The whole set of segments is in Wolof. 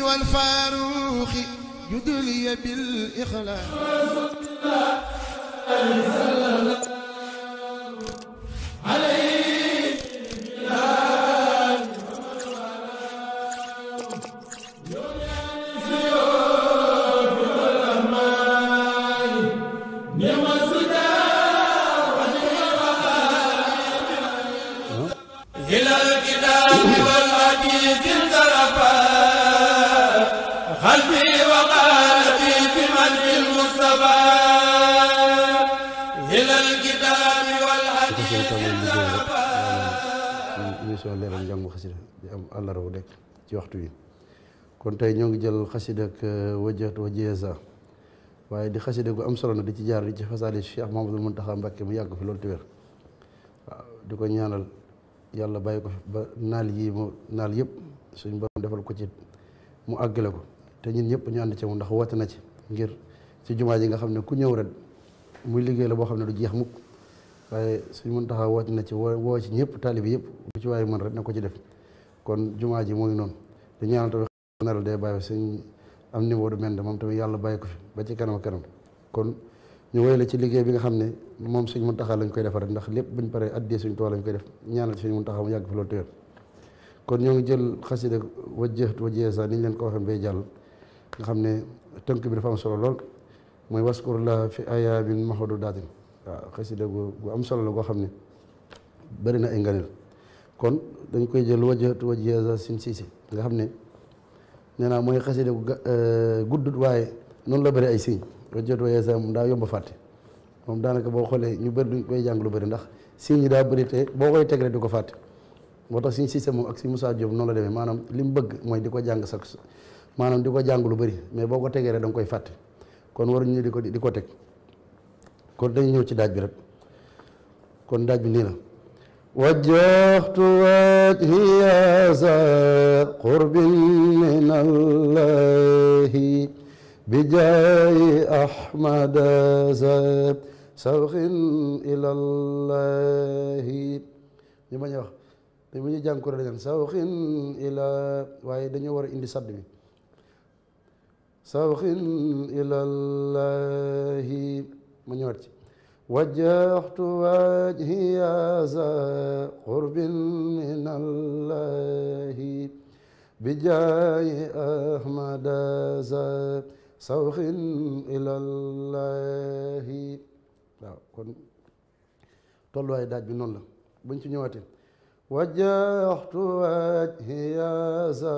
الصدق والفاروق جدلي بالإخلاص àllarba rek ci waxtu wi kon tey ñoo ngi jël xasida ak euh, wajjat wajjeesa waaye di xasida gu am solo na di ci jaar di ci xasaale Cheikh Mouhamadul Mountakha Mbacké mu yàgg fi loolu te wér waaw di ko ñaanal yàlla bàyyi ko ba naal yi mu naal yëpp suñ borom defal ko ci mu àggale ko te ñun ñëpp ñu ànd ci moom ndax woote na ci ngir ci jumaa ji nga xam ne ku ñëw rek muy liggéey la boo xam ne du jeex mukk waaye suñ Mountakha woote na ci woo woo ci ñëpp taalibi yëpp bu ci waaye mën rek na ko ci def kon jumaa ji mooy noonu di ñaanal tamit général day sëñ am niveau du mel ne moom tamit yàlla bàyyi ko fi ba ci kanam kanam kon ñu woy la ci liggéey bi nga xam ne moom sëñ Muntaxa lañ koy defar ndax lépp buñ paree addee suñ tool lañ koy def ñaanal sëñ Muntaxa mu yàgg fi loolu téwér kon ñoo ngi jël xasida wajjahtu wajhiya sa ni ñu leen ko waxee bay jàll nga xam ne tënk bi dafa solo lool mooy waskurlah fi ayaamin mahdudatin waaw xasida gu am solo la goo xam ne bëri na ay nganeel kon dañ koy jël wajjatu wajjiya za Sim Cissé nga xam ne nee naa mooy xasida gu euh, guddut waaye noonu la bëri ay siñ wajjatu wajjiya za moom daa yomb a fàtte moom daanaka boo xoolee ñu bëri duñ koy jàng lu bëri ndax siñ yi daa bëri te boo koy teg rek di ko fàtte moo tax Sim Cissé moom ak si Moussa Diop noonu la demee maanaam li mu bëgg mooy di ko jàng sax maanaam di ko jàng lu bëri mais boo ko tegee rek da nga koy fàtte kon waruñu di ko di ko teg kon dañu ñëw ci daaj bi rek kon daaj bi nii la. وجهت وجهي ذا قرب من الله بجاه أحمد ذا سوخ إلى الله ñu bañ a wax te bu ñu jànkuwul dañu sawxin ila waaye dañoo war a indi sadd bi sawxin ila وجهت وجهي ذا قرب من الله بجاه أحمد ذا سوخ إلى الله waaw kon tolluwaay daaj bi noonu la buñ ci ñëwaatee وجهت وجهي ذا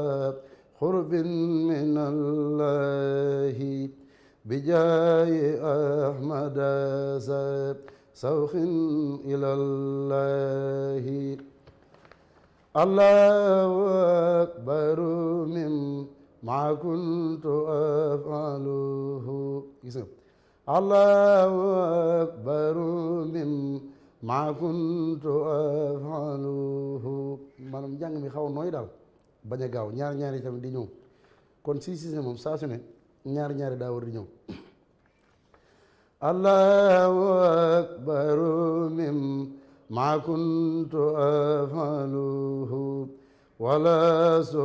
قرب من الله bijaayi ahmada sa sawxin ilallahi allahu akbaru min ma kuntu afaluhu gis nga allahu akbaru min ma kuntu afaluhu maanaam njàng mi xaw nooy daal bañ a gaaw ñaar ñaar itam di ñëw kon si si ne moom saa su ne ñaar ñaari daa war di ñëw allahu akbaru mim ma kuntu afaluhu wala su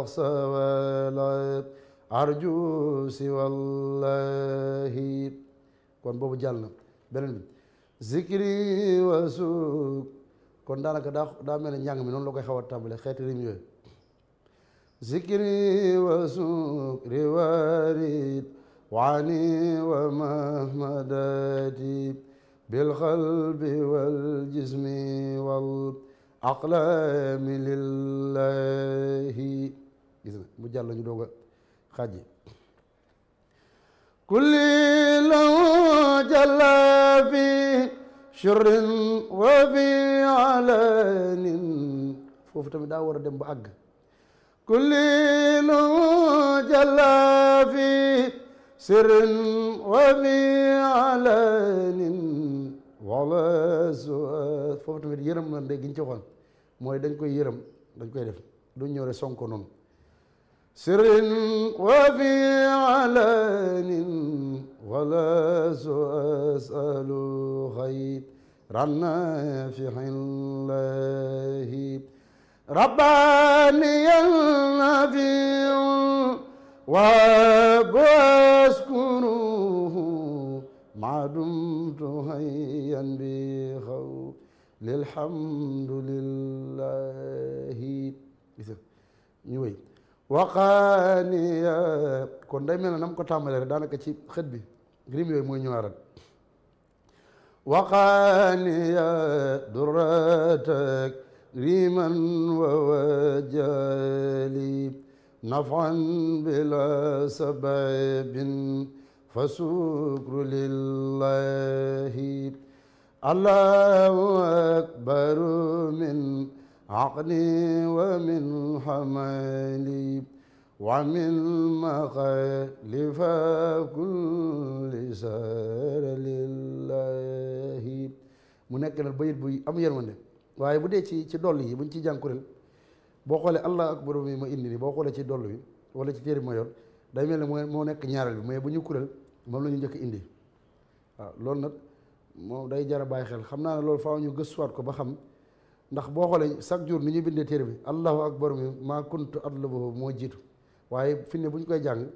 axsa wala arju si kon boobu jàll na beneen bi zikri wa kon daanaka daa daa mel ne njàng mi noonu la koy xaw a tàmbale xeeti rim yooyu ذكري وسكري وارد وعني ومهمداتي بالقلب والجسم والأقلام لله gis na mu jàll ñu doog a xaaj kulli law jalla fi sirrin wa fi alanin foofu tamit daa war a dem ba àgg كليل جل في سر وفي علان wala su foofu tamit yërëm lan de giñ ci waxoon mooy dañ koy yërëm dañ koy def du ñëw rek sonko noonu sirrin wa fi alanin wala su asalu xayran fi xillahi رباني النبي وبشكره ما دمت حيا بخو للحمد لله ñuwéy waqaaniya kon day mel ne nam ko tàmbalee rek daanaka ci xët bi grim yooyu mooy ñëwaarat waqaaniya duratak ريما ووجالي نفعا بلا سبب فسكر لله الله أكبر من عقلي ومن حمالي ومن مخالف كل سار لله mu nekk nag bayit buy am yërmande waaye bu dee ci ci doll yi buñ ci jànkuréel boo xoolee allah akbar mi ma indi ni boo xoolee ci doll bi wala ci téere bi ma yor day mel ni mooy moo nekk ñaareel bi mais bu ñu kuréel moom la ñu njëkk indi waaw loolu nag moom day jar a bàyyi xel xam naa loolu faaw ñu gëstuwaat ko ba xam ndax boo xoolee chaque jour ni ñu bindee téere bi allahu akbar mi maa kuntu atlubuhu moo jiitu waaye fi bu ñu koy jàng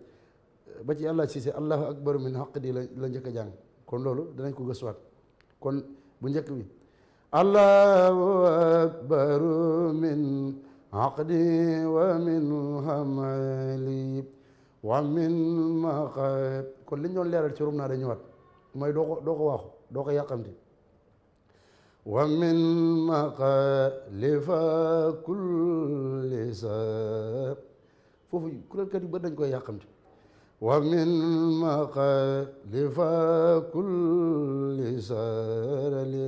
ba ci allah siise allahu mi min xaq di la la njëkk a jàng kon loolu danañ ko gëstuwaat kon bu njëkk bi allahu akbar min aqdi wa min hamali wa min maqab kon li doon leeral ci rum naa dañu wat mooy doo ko doo ko waxu doo ko yàqamti wa min maqalifa kulli sa foofu kuréelkat yi ba dañ koy yàqamti wa min maqalifa kulli sarali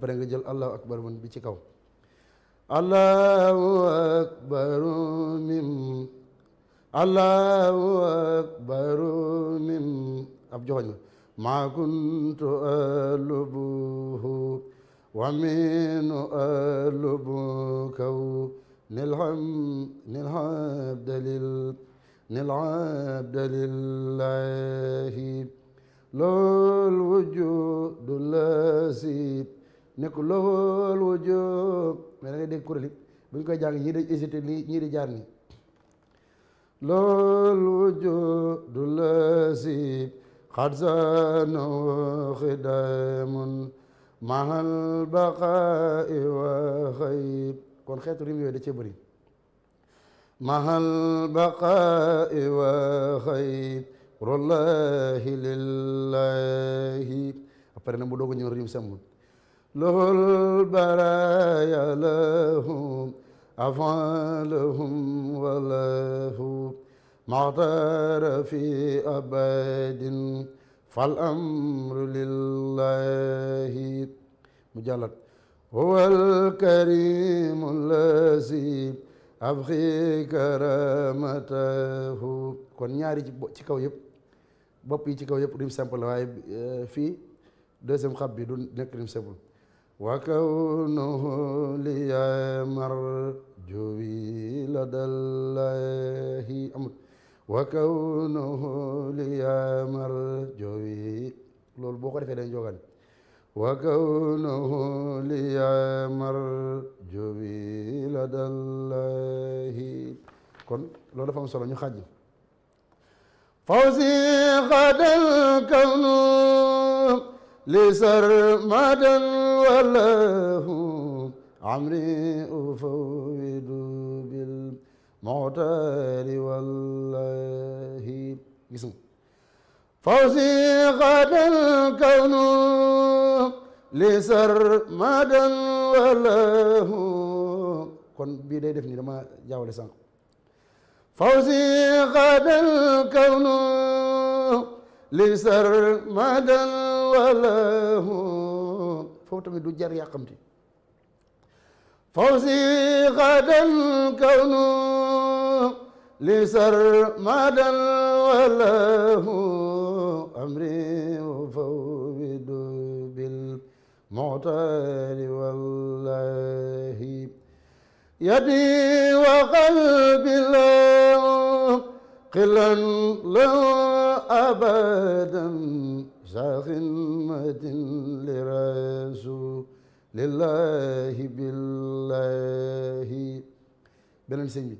après nga jël allahu akbar man bi ci kaw allahu akbaru mim allahu akbaru mim ab joxoñ ma maa kuntu alubuhu wa minu alubu kaw nilham nilhamdalil nilhamdalillahi lool wujudul lazi nekk ko lool wu jóg mais da ngay bu ñu koy jàng ñii di hésité lii ñii di jaar nii lool wu jóg du la si xat sano xidamun mahal baqa wa kon xeetu rim yooyu da cee bëri mahal baqa wa xayib rollahi lillahi après na mu doog a ñëw rim semmul له البرايا لهم أفعالهم وله معتر في أبد فالأمر لله مجلد هو الكريم الذي أبغي كرامته kon ñaari ci kaw yëpp bopp yi ci kaw yëpp rim simple waaye euh, fii deuxième xab bi du nekk rim simple وكونه لي مرجوي لدى الله أمر وكونه لي مرجوي loolu boo ko defee dañ jogan وكونه لي مرجوي لدى الله kon loolu dafa am solo ñu xàjj فوزي غدا الكون لسرمدا وله عمري أفوض بالمعتار والله gis nga فوزي قد الكون li sarmadan وله kon bii day def nii dama jaawale sànq فوزي قد الكون li sarmadan وله foofu tamit du jar yàqamti fawsi xadan kawnu li sar madan walahu amri fawwidu bil muxtaari wallahi yadi wa qalbi la qilan la abadan ذا خدمة لرسول الله بالله beneen sëñ bi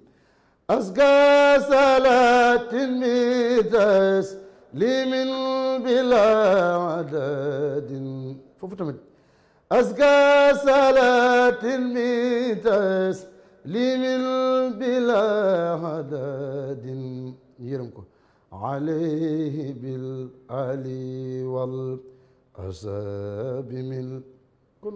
asga salaatin mi tasliimin bila adadin foofu tamit asga salaatin mi tasliimin bila adadin yërëm ko عليه بالعلي والأصحاب من kon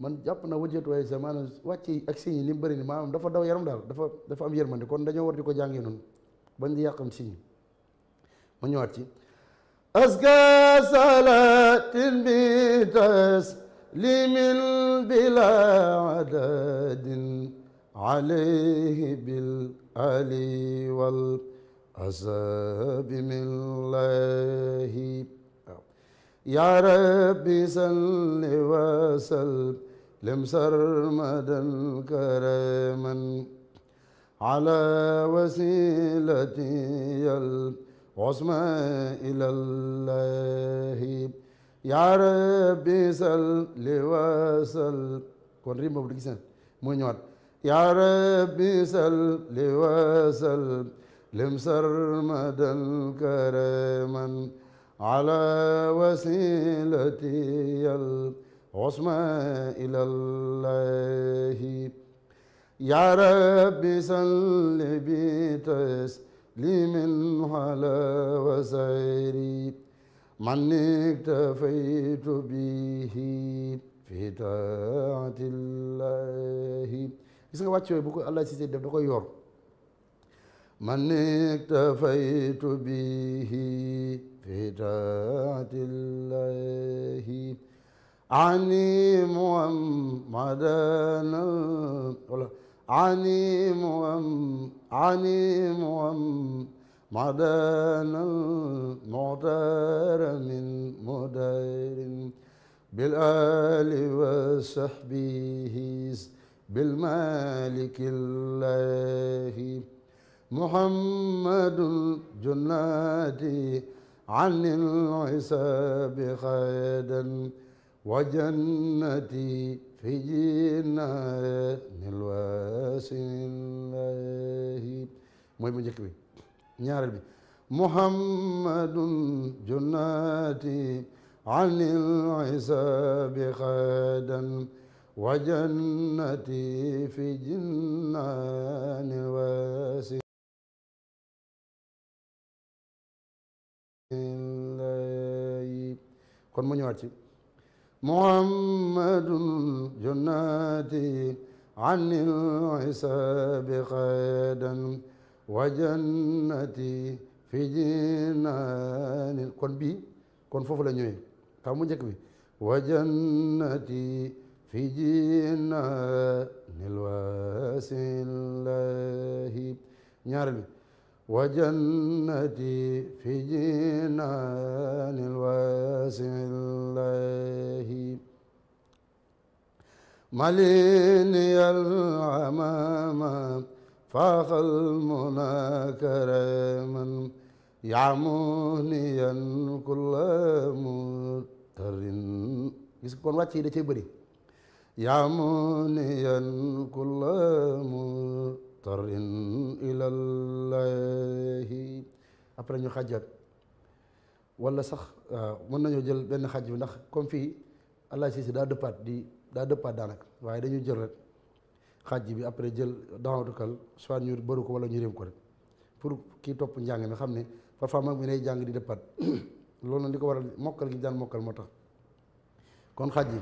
man jàpp na wajjat waaye sa maanaam wàcc ak siñ ni mu bëri dafa daw yaram daal dafa dafa am yërmande kon dañoo war di ko jàngee noonu bañ di yàqam siñ ma ñëwaat ci أزكى صلاة بتسليم بلا عدد عليه بالعلي وال asabi millahi ya rabbi salli wa sallim sarmadan karaman ala wasilati yal usma ilallahi ya rabbi salli wa sallim kon rim boobu di gis mooy ñëwaat ya rabbi salli wa sallim لم سرمدا كرما على وسيلتي العصمى إلى الله يا رب سل بي تسليم على وسيري من اكتفيت به في طاعة الله gis nga wàcc yooyu bu ko Allah si def da koy yor من اكتفيت به في طاعة الله عني محمدا عني محمد عني محمدا معتار من مدير بالآل وصحبه بالمالك الله محمد الجنات عن الحساب خيدا وجنتي في جنان الواسع الله mooy mu njëkk bi ñaareel bi muhammadun junnaati an ilxisaabi xadan wa jannati fi jinnaani waasi kon mu ñëwaat ci muhammadun jannati anil hisabi xaydan wa jannati fi jinaanin kon bii kon foofu la ñëwee taw mu njëkk bi wa jannati fi jinaanil wasilahi ñaareel bi وجنتي في جنان الواسع الله مليني العمام فاق المنى كرما يعمونيا كل مضطر gis kon wàcc yi da cee bëri يعمونيا كل مضطر après ñu xàjjaat wala sax euh, mën nañoo jël benn xaj bi ndax comme fii allah si si daa dëppaat di daa dëppaat daanaka waaye dañuy jël rek xàjj bi après jël daawtukal soit ñu bëru ko wala ñu réem ko rek pour ki topp njàng mi xam ne parfois mag mi day jàng di dëppaat loolu nag li ko waral mokkal gi daan mokkal moo tax kon xàjj yi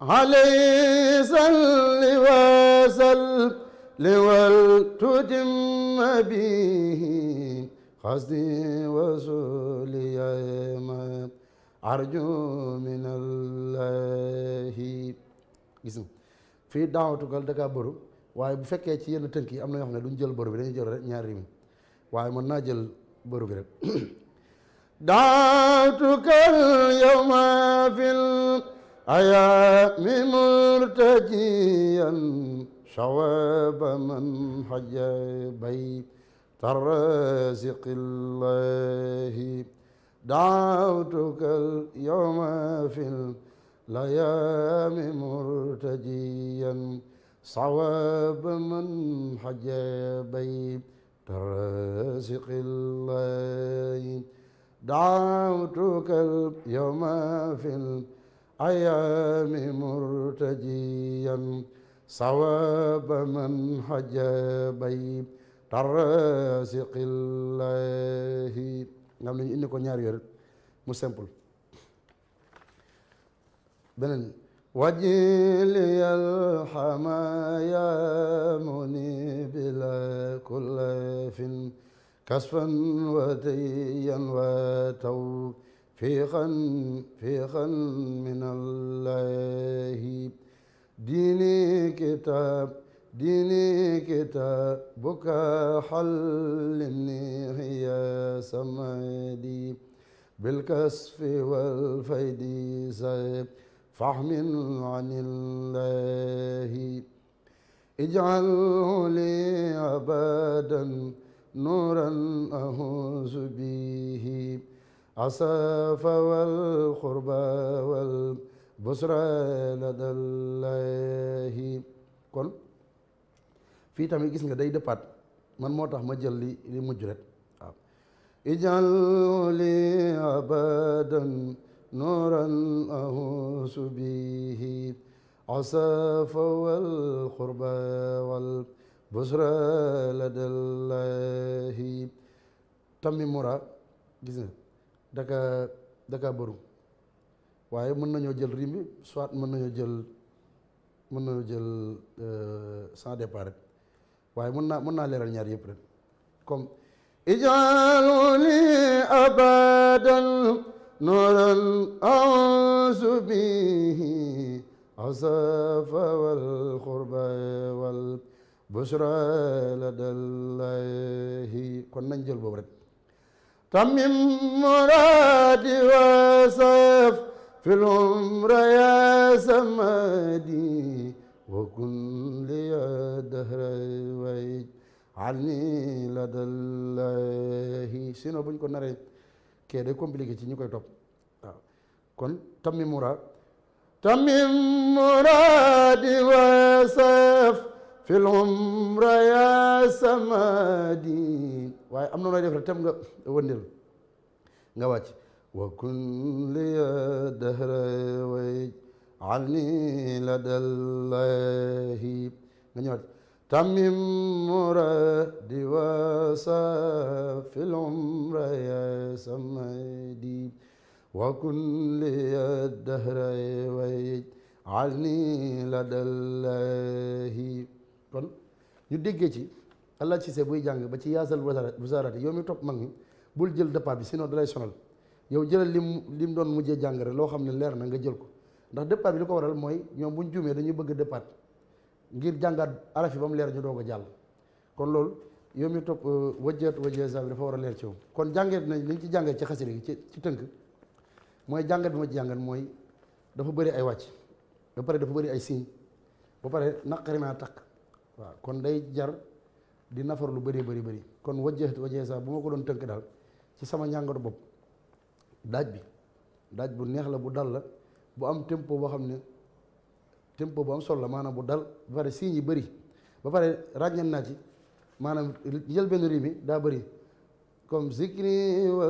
عليه صل وسلم لولتتم به قصدي وسولي ما أرجو من الله gis nga fii daawatukal da kaa bëru waaye bu fekkee ci yenn tënk yi am na yoo xam ne duñ jël bëru bi dañuy jël rek ñaari mi waaye mën naa jël bëru bi rek daawatukal yawma fil ayaami murtajiyan shawaba man hajja bay الرازق الله دعوتك اليوم في الليام مرتجيا صواب من حجابي الرازق الله دعوتك اليوم في الأيام مرتجيا صواب من حجابي tarsiqillahi nga xam ne ñu indi ko ñaari yoon mu simple beneen wajiliyal xamaya muni bila kullafin kasfan wa tayyan wa tawfiqan fiqan min allahi diini kitab ديني كتابك حلمني هي سمادي بالكسف والفيد سيب فهم عن الله اجعله لي أبدا نورا أهوز به عساف والقربى والبصرى لدى الله kon fii tamit gis nga day dëppaat man moo tax ma jël li li mujj rek waaw ijal li abadan nuran ahusu bihi asafa wal qurba wal busra ladallahi tammi mura gis nga daka daka bëru waaye mën nañoo jël rim soit mën nañoo jël mën nañoo jël euh, sans départ waaye mën naa mën naa leeral ñaar yëpp ren comme ijalu li abadan nuran ausu bihi asafa wal xurba wal busra ladallahi kon nañ jël boobu rek tamim muradi wasaf fil umra ya samadi wa kun liya dahra ani la dallahi sinon bu ñu ko naree kee day compliqué ci ñi koy topp waaw kon tammi mura tammi muradi wasaf fil umra ya samadi waaye am na nooy def rek tam nga wëndeel nga wàcc wa kun liya dahra way ani la dallahi nga ñëwaat تمم مرادي وساف العمر يا سميدي وكن لي الدهر واجعلني لدى الله kon ñu déggee ci allah ci se buy jàng ba ci yaasal wasaaraati yow mi topp mag ñi bul jël départ bi sinon dalay sonal yow jëlal lim lim doon mujjee jàng rek loo xam ne leer na nga jël ko ndax départ bi li ko waral mooy ñoom bu ñu juumee dañu bëgg départ ngir jàngaat araf yi ba mu leer ñu doog a jàll kon loolu yow mi topp euh, wajjat wajjat bi dafa war a leer ci moom kon jàngeet nañ li ci jàngeet ci xasida gi ci tënk mooy jàngat bi ma ci jàngat mooy dafa bëri ay wàcc ba pare dafa bëri ay signe ba pare naqari naa takk waaw kon day jar di nafar lu bëree bëri bëri kon wajjat wajjat bu ma ko doon tënk daal ci sama njàngatu bopp daaj bi daaj bu neex la bu dal la bu am tempo boo xam ne tempo bu am solo la maanaam bu dal ba pare signes yi bëri ba pare ràññan naa ci maanaam jël benn ri daa bëri comme zikri wa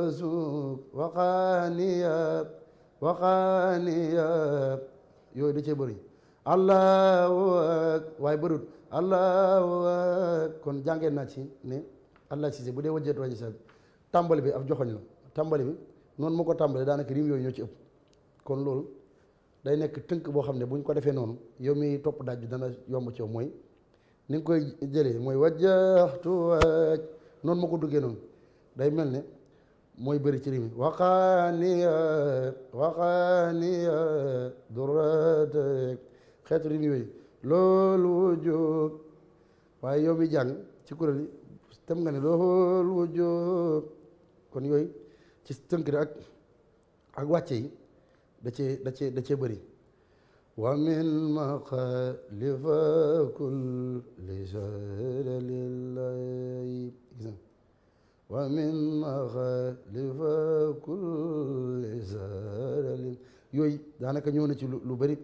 yooyu da cee bëri allahu waaye bëriwul allahu ak kon jàngeen naa ci ne allah si bu dee wajjat waji sa tàmbali bi ab joxoñ la tàmbali bi noonu moo ko tàmbali daanaka rim yooyu ñoo ci ëpp kon loolu day nekk tënk boo xam ne bu ñu ko defee noonu yow mi topp daaj bi dana yomb ci yow mooy ni koy jëlee mooy wajjaxtu waaj noonu ma duggee noonu day mel ne mooy bëri ci rimi waxaaniya waxaaniya durat xeetu rimi loolu waaye yow mi jàng ci kuréel yi tem nga ne loolu wujub kon yooyu ci tënk rek ak ak wàcce yi da cee da cee da cee bëri wa min maxalifa kulli jarlilay wa min maxalifa kulli jarlil yooyu daanaka ñëw na ci lu bëri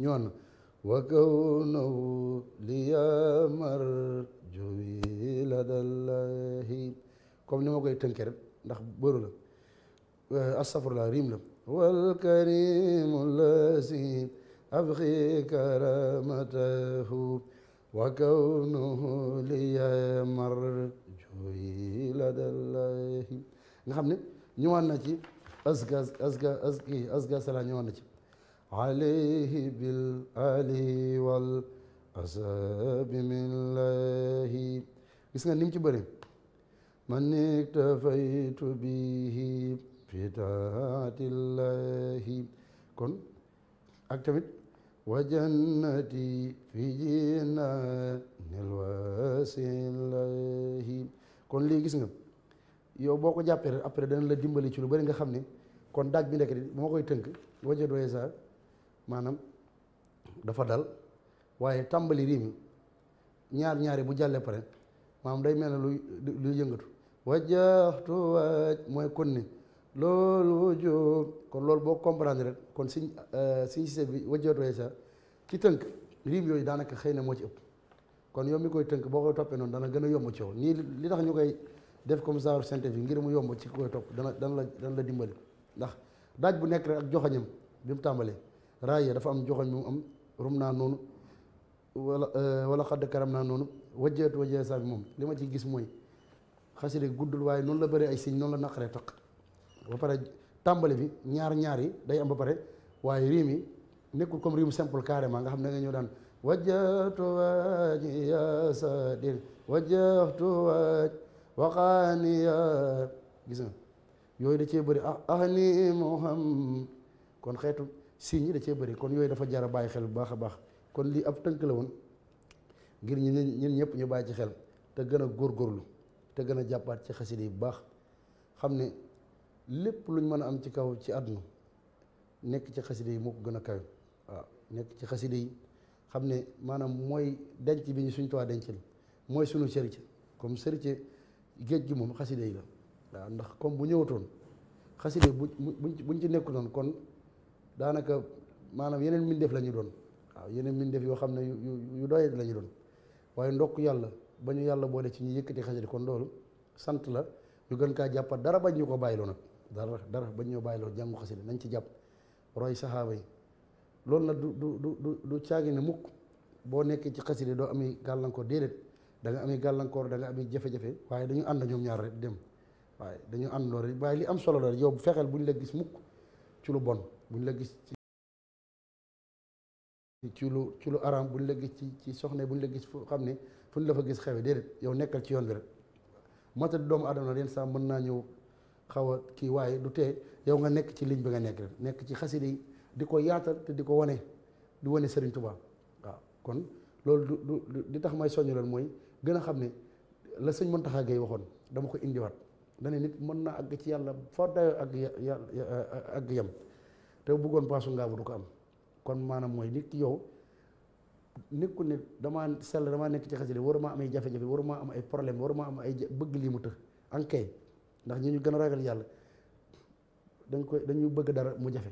ñëwoon na wa kawnahu liyamar juwi ladallahi comme ni ma koy tënkee rek ndax bëru la riim la والكريم الذي أبغي كرامته وكونه لي مرجوي لدى الله nga xam ne ñëwaat na ci azka azka azki azka sala ñëwaat na ci alayhi bil ali wal asabi millahi gis nga nim ci bëri man iktafaytu bihi fi taatillahi kon ak tamit wa jannati fi jinaanil wasilahi kon lii nga yow boo ko jàppee rek après dana la dimbali ci lu bari nga xam ni kon daaj bi nekk di moo koy tënk wajadooye sa maanaam dafa dal waaye tàmbali riim ñaar maanaam day mel ne lu lu yëngatu wajaxtu waaj mooy kon ne loolu wujub kon loolu boo comprendre rek kon siñ euh, siñ Cissé bi wajjootoye sa ci tënk riim yooyu daanaka xëy na moo ci ëpp kon yow mi koy tënk boo koy toppee noonu dana gën a yomb ci yow nii li tax ñu koy def comme genre synthèse ngir mu yomb ci koy topp dana dana la dana la dimbali ndax daaj bu nekk rek ak joxoñam bi mu tàmbalee raaya dafa am joxoñ bi mu am rum naa noonu wala euh, wala xadd karam naa noonu wajjeetu wajjee sa bi moom li ma ci gis mooy xasida guddul waaye noonu la bëree ay siñ noonu la naqaree taq ba pare tàmbali bi ñaar ñaar yi day am ba pare waaye riim yi nekkul comme riim simple carrément nga xam ne nga ñëw daan wajjahtu wajiya sadin wajjahtu waj gis nga yooyu da cee bëri ah ah ni muham kon xeetu signes yi da cee bëri kon yooyu dafa jar a bàyyi xel bu baax a baax kon lii ab tënk la woon ngir ñu ñun ñëpp ñu bàyyi ci xel te gën a góor góorlu te gën a jàppaat ci xasida yi bu baax xam ne lépp luñ mën a am ci kaw ci àdduna nekk ci xaside yi moo ko gën a kawe waaw nekk ci xaside yi xam ne maanaam mooy denc bi ñu suñ tuwaa dencal mooy sunu sëriñ comme sëriñ géej gi moom xaside yi la waaw ndax comme bu ñëwatoon xaside bu buñ ci nekku noonu kon daanaka maanaam yeneen mbindeef la ñu doon waaw yeneen mbindeef yoo xam ne yu doye la ñu doon waaye ndokk yàlla ba ñu yàlla boole ci ñu yëkkati xaside kon loolu sant la ñu gën kaa jàppat dara bañ ñu ko bàyyiloo nag dara dara bañ ñoo bàyyi loolu jàngu xasida nañ ci jàpp roy saxaaba yi loolu nag du du du du caagi ne mukk boo nekkee ci xasida doo amee gàllankoor déedéet da nga amee gàllankoor da nga amee jafe-jafe waaye dañu ànd ñoom ñaar rek dem waaye dañu ànd loolu rek waaye li am solo la yow bu fexeel buñ la gis mukk ci lu bon buñ la gis ci ci lu ci lu araam buñ la gis ci ci soxna buñ la gis fu xam ne fuñ la fa gis xewe déedéet yow nekkal ci yoon bi rek moo tax doomu adama leen saa naa ñëw xaw a kii waaye du tee yow nga nekk ci ligne bi nga nekk nekk ci xasida yi di ko yaatal te di ko wane di wane Serigne tubaab waaw kon loolu du di tax may soññ loolu mooy gën a xam ne la sëñ Mountakha Gueye waxoon dama ko indiwaat dana nit mën na àgg ci yàlla foo dayoo ak àgg yem te bëggoon paasu ngaabu du ko am kon maanaam mooy nit ki yow nekkul ne damaa sell dama nekk ci xasida waruma am ay jafe-jafe waruma am ay problème waruma am ay bëgg lii mu të ankay ndax ñi ñu gën a ragal yàlla dañ koy dañu bëgg dara mu jafe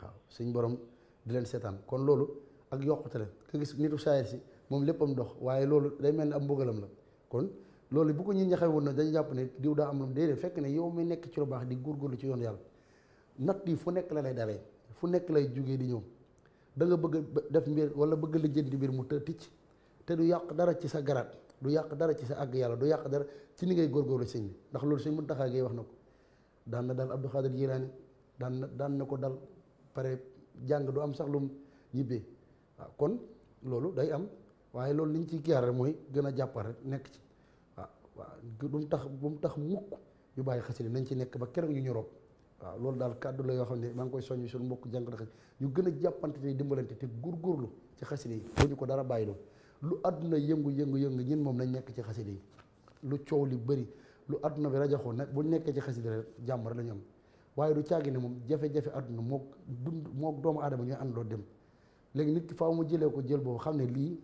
waaw suñ borom di leen seetaan kon loolu ak yokkute la ka gis nitu saayir si moom léppam dox waaye loolu day mel ni am mbugalam la kon loolu bu ko ñi ñaxee woon na dañu jàpp ne diw daa am lu mu déedéet fekk ne yow mi nekk ci lu baax di góorgóorlu ci yoon yàlla natt yi fu nekk la lay dalee fu nekk lay jógee di ñëw danga bëgg def mbir wala bëgg lijjanti mbir mu të ticc te du yàq dara ci sa garaat du yàq dara ci sa àgg yàlla du yàq dara ci ni ngay góorgóorlu sëñ bi ndax loolu sëñ Muntaxa Gaye wax na ko daan na dal Abdou Xaadir Jilaani daan na daan na ko dal pare jàng du am sax lu ñibbee kon loolu day am waaye loolu liñ ci kiyaar rek mooy gën a jàppal rek nekk ci waaw waaw bu mu tax bu mu tax mukk ñu bàyyi nañ ci nekk ba keroog ñu ñoroo waaw loolu daal kàddu la yoo xam ne maa ngi koy soññ suñu mbokk jàng ñu gën a jàppante te dimbalante te góorgóorlu ci xasida yi boo ñu ko dara bàyyiloo lu àdduna yëngu yëngu yëngu ñin moom nañ nekk ci xasida yi lu coow li bëri lu àdduna bi rajaxoo nag bu nekkee ci xasida rek jàmm rek la am waaye du caagi ne moom jafe-jafe àdduna mook dund mook doomu aadama ñooy àndoo dem léegi nit ki faaw mu jëlee ko jël boobu xam ne lii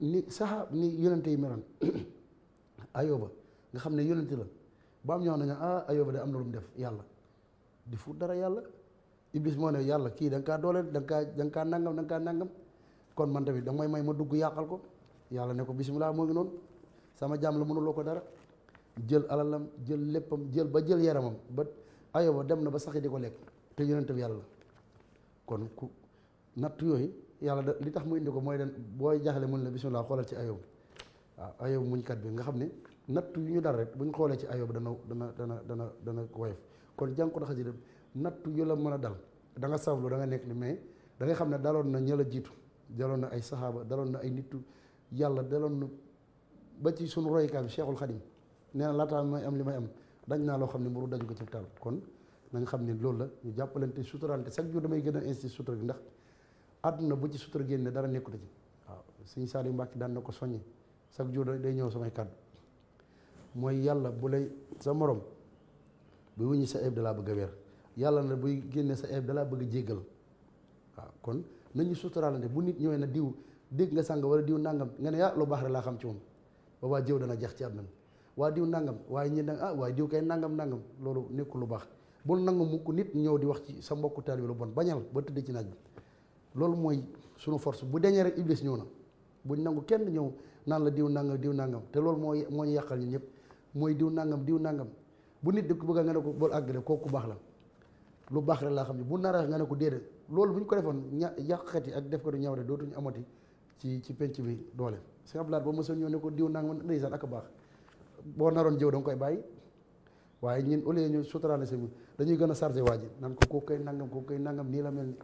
ni saxa ni yonente yi meloon ayoba nga xam ne yonente la ba am ñoo xam ne ah ayoba de am na lu mu def yàlla di fu dara yàlla iblis moo ne yàlla kii da nga kaa dooleel da nga kaa da nga kaa nangam kaa nangam kon man tamit da may may ma dugg yàqal ko yàlla ne ko laa moo ngi noonu sama jaam la mënuloo ko dara jël alalam jël léppam jël ba jël yaramam ba ayoba dem na ba sax di ko lekk te yonent bi yàlla kon ku natt yooyu yàlla da li tax mu indi ko mooy den booy jaaxle mun la bisimilah xoolal ci ayob waaw ayob muñkat bi nga xam ne natt yu ñu dara rek bu ñu xoolee ci ayob dana dana dana dana dana woyof kon jàng ko xasida natt yu la mën a dal da nga sablu da nga nekk li mais da xam ne daloon na ña a jiitu daloon na ay saxaaba daloon na ay nittu yàlla daloon na ba ci suñu roykaa bi Cheikhul Khadim nee na laataa may am li may am dañ naa loo xam ne mburu daju ko ci taal kon nañ xam ne loolu la ñu jàppalante suturante chaque jour damay gën a insister sutura gi ndax àdduna bu ci sutura génne dara nekkut ci waaw sëñ Saliou Mbacke daan na ko soññe chaque jour day ñëw samay kàddu mooy yàlla bu lay sa morom bu wuñu sa ayib dalaa bëgg a weer yàlla na buy génne sa ayib dalaa bëgg a jéggal waaw kon nañu suturaalante bu nit ñëwee na diw dégg nga sàng wala diw nangam nga ne ah lu baax rek laa xam ci moom boobaa jëw dana jeex ci àdduna bi waa diw nangam waaye ñi nag ah waaye diw kay nangam nangam loolu nekkul lu baax bul mu mukk nit ñëw di wax ci sa mbokku taalibe lu bon bañal ba tëdd ci naaj bi loolu mooy sunu force bu deñee rek iblis ñëw na buñ nangu kenn ñëw naan la diw nangam diw nangam te loolu mooy moo ñu yàqal ñu ñëpp mooy diw nangam diw nangam bu nit di ko bëgg nga ne ko bul àgg de baax la lu baax rek laa xam ne bu naraax nga ne ko déedéet loolu bu ñu ko defoon ña yàqkat yi ak def ko du ñaawte dootuñu amati ci ci penc bi doole sëñ Abdoulaye ba mosoon ñoo ne ko diw nangam ndeysaan ak baax boo naroon jëw da nga koy bàyyi waaye ñun au lieu ñu suturaale seen dañuy gën a chargé waa ji naan ko kooku koy nangam kooku koy nangam nii la mel ni